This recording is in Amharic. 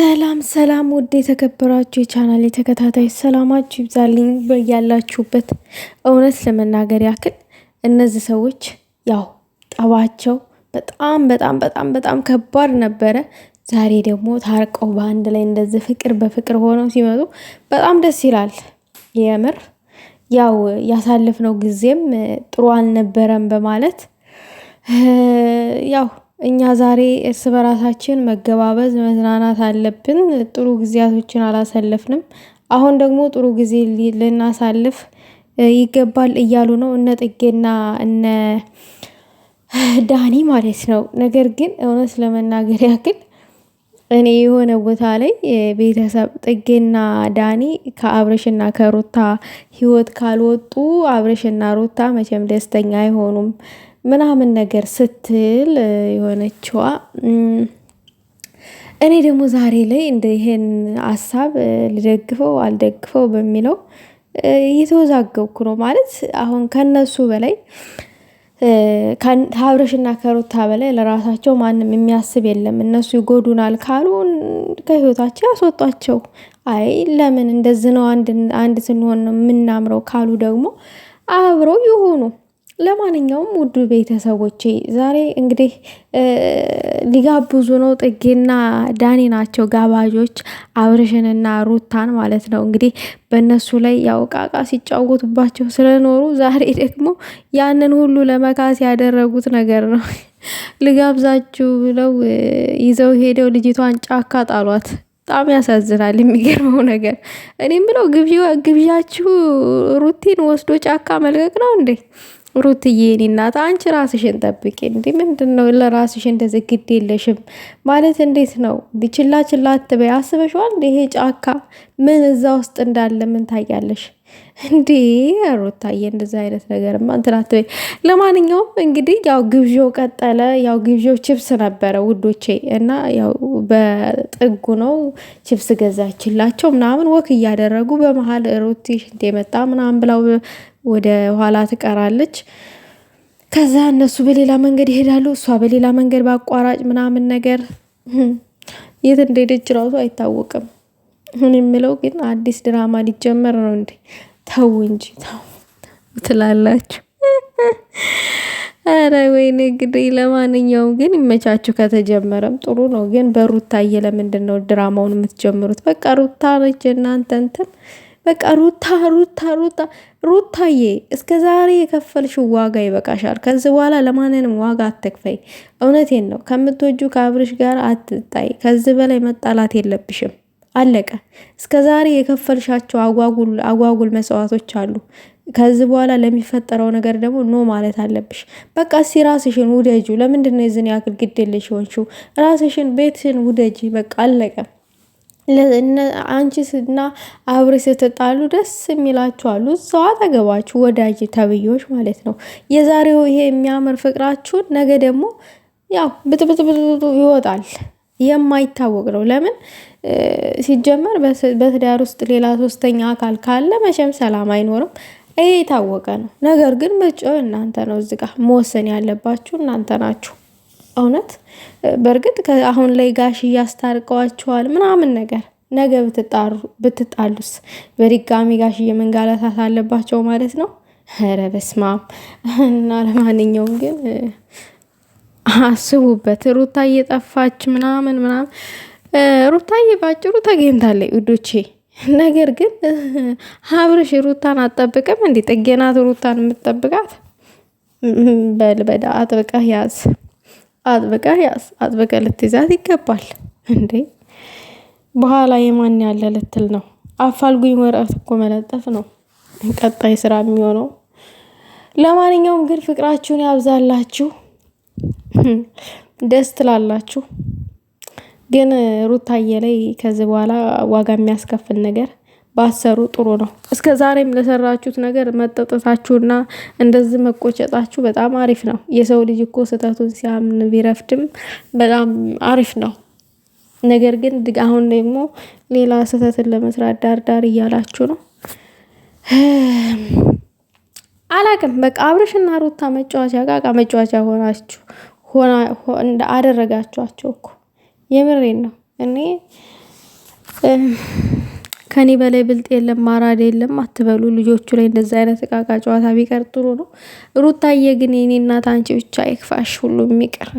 ሰላም ሰላም ውድ የተከበራችሁ የቻናል የተከታታይ ሰላማችሁ ይብዛልኝ በያላችሁበት። እውነት ለመናገር ያክል እነዚህ ሰዎች ያው ጠባቸው በጣም በጣም በጣም በጣም ከባድ ነበረ። ዛሬ ደግሞ ታርቀው በአንድ ላይ እንደዚህ ፍቅር በፍቅር ሆነው ሲመጡ በጣም ደስ ይላል። የምር ያው ያሳለፍነው ጊዜም ጥሩ አልነበረም በማለት ያው እኛ ዛሬ እርስ በራሳችን መገባበዝ መዝናናት አለብን ጥሩ ጊዜያቶችን አላሳለፍንም። አሁን ደግሞ ጥሩ ጊዜ ልናሳልፍ ይገባል እያሉ ነው እነ ጥጌና እነ ዳኒ ማለት ነው። ነገር ግን እውነት ለመናገር ያክል እኔ የሆነ ቦታ ላይ ቤተሰብ ጥጌና ዳኒ ከአብረሽና ከሩታ ህይወት ካልወጡ አብረሽና ሩታ መቼም ደስተኛ አይሆኑም። ምናምን ነገር ስትል የሆነችዋ እኔ ደግሞ ዛሬ ላይ እንደ ይሄን ሀሳብ ልደግፈው አልደግፈው በሚለው እየተወዛገብኩ ነው። ማለት አሁን ከነሱ በላይ ከአብረሽና ከሩታ በላይ ለራሳቸው ማንም የሚያስብ የለም። እነሱ ይጎዱናል ካሉ ከህይወታቸው ያስወጧቸው። አይ ለምን እንደዚህ ነው አንድ ስንሆን ነው የምናምረው ካሉ ደግሞ አብረው ይሆኑ? ለማንኛውም ውዱ ቤተሰቦቼ ዛሬ እንግዲህ ሊጋብዙ ነው። ጥጌና ዳኒ ናቸው ጋባዦች፣ አብርሽንና ሩታን ማለት ነው። እንግዲህ በእነሱ ላይ ያው ቃቃ ሲጫወቱባቸው ስለኖሩ ዛሬ ደግሞ ያንን ሁሉ ለመካስ ያደረጉት ነገር ነው። ልጋብዛችሁ ብለው ይዘው ሄደው ልጅቷን ጫካ ጣሏት። በጣም ያሳዝናል። የሚገርመው ነገር እኔም ብለው ግብዣችሁ ሩቲን ወስዶ ጫካ መልቀቅ ነው እንዴ? ሩትዬ የኔ እናት አንቺ ራስሽን ጠብቂ። እንዲ ምንድን ነው ለራስሽ እንደዚህ ግድ የለሽም ማለት እንዴት ነው? ችላ ችላ አትበይ። አስበሽዋል? ይሄ ጫካ ምን እዛ ውስጥ እንዳለ ምን ታያለሽ? እንዴ ሩታዬ፣ እንደዚህ አይነት ነገር እንትን አትበይ። ለማንኛውም እንግዲህ ያው ግብዣው ቀጠለ። ያው ግብዣው ችፕስ ነበረ ውዶቼ፣ እና ያው በጥጉ ነው ችፕስ ገዛችላቸው ምናምን። ወክ እያደረጉ በመሀል ሩቲ ሽንት የመጣ ምናምን ብላው ወደ ኋላ ትቀራለች። ከዛ እነሱ በሌላ መንገድ ይሄዳሉ፣ እሷ በሌላ መንገድ በአቋራጭ ምናምን ነገር የት እንደሄደች ራሱ አይታወቅም። አሁን የምለው ግን አዲስ ድራማ ሊጀመር ነው እንዴ? ተው እንጂ ተው ትላላችሁ። አረ ወይኔ እንግዲህ ለማንኛውም ግን ይመቻችሁ። ከተጀመረም ጥሩ ነው። ግን በሩታዬ ለምንድን ነው ድራማውን የምትጀምሩት? በቃ ሩታ ነች እናንተ እንትን በቃ ሩታ ሩታ ሩታ ሩታዬ እስከ ዛሬ የከፈልሽው ዋጋ ይበቃሻል። ከዚህ በኋላ ለማንንም ዋጋ አትክፈይ። እውነቴን ነው። ከምትወጁ ከአብርሽ ጋር አትጣይ። ከዚህ በላይ መጣላት የለብሽም። አለቀ። እስከ ዛሬ የከፈልሻቸው አጓጉል መስዋዕቶች አሉ። ከዚህ በኋላ ለሚፈጠረው ነገር ደግሞ ኖ ማለት አለብሽ። በቃ እስኪ ራስሽን ውደጁ። ለምንድን ነው የዝን ያክል ግድየለሽ ሆንሽው? ራስሽን ቤትሽን ውደጂ። በቃ አለቀ። አንቺስ እና አብሬ ስትጣሉ ደስ የሚላችኋሉ እዛው አጠገባችሁ ወዳጅ ተብዮች ማለት ነው። የዛሬው ይሄ የሚያምር ፍቅራችሁን ነገ ደግሞ ያው ብጥብጥብጥብጡ ይወጣል። የማይታወቅ ነው። ለምን ሲጀመር በትዳር ውስጥ ሌላ ሶስተኛ አካል ካለ መቼም ሰላም አይኖርም። ይሄ የታወቀ ነው። ነገር ግን ምርጫው እናንተ ነው። እዚህ ጋር መወሰን ያለባችሁ እናንተ ናችሁ። እውነት በእርግጥ አሁን ላይ ጋሽ እያስታርቀዋችኋል ምናምን ነገር ነገ ብትጣሉስ በድጋሚ ጋሽ የመንጋላታት አለባቸው ማለት ነው። ኧረ በስመ አብ እና ለማንኛውም ግን አስቡበት። ሩታ እየጠፋች ምናምን ምናምን ሩታዬ ባጭሩ ተገኝታለች ውዶቼ። ነገር ግን ሀብርሽ ሩታን አጠብቅም እንዲ ጥጌናት ሩታን የምትጠብቃት በልበዳ አጥብቀህ ያዝ፣ አጥብቀህ ያዝ፣ አጥብቀህ ልትይዛት ይገባል እንዴ። በኋላ የማን ያለ ልትል ነው? አፋልጉኝ ወረቀት እኮ መለጠፍ ነው ቀጣይ ስራ የሚሆነው። ለማንኛውም ግን ፍቅራችሁን ያብዛላችሁ። ደስ ትላላችሁ። ግን ሩታዬ ላይ ከዚህ በኋላ ዋጋ የሚያስከፍል ነገር ባሰሩ ጥሩ ነው። እስከ ዛሬም ለሰራችሁት ነገር መጠጠታችሁና እንደዚህ መቆጨጣችሁ በጣም አሪፍ ነው። የሰው ልጅ እኮ ስህተቱን ሲያምን ቢረፍድም በጣም አሪፍ ነው። ነገር ግን አሁን ደግሞ ሌላ ስህተትን ለመስራት ዳር ዳር እያላችሁ ነው። አላቅም በቃ አብርሽና ሩታ መጫወቻ ቃቃ መጫወቻ ሆናችሁ አደረጋችኋቸው እኮ የምሬን ነው። እኔ ከኔ በላይ ብልጥ የለም ማራድ የለም አትበሉ። ልጆቹ ላይ እንደዛ አይነት እቃቃ ጨዋታ ቢቀር ጥሩ ነው። ሩታዬ ግን የኔ እናት አንቺ ብቻ ይክፋሽ፣ ሁሉም ይቅር።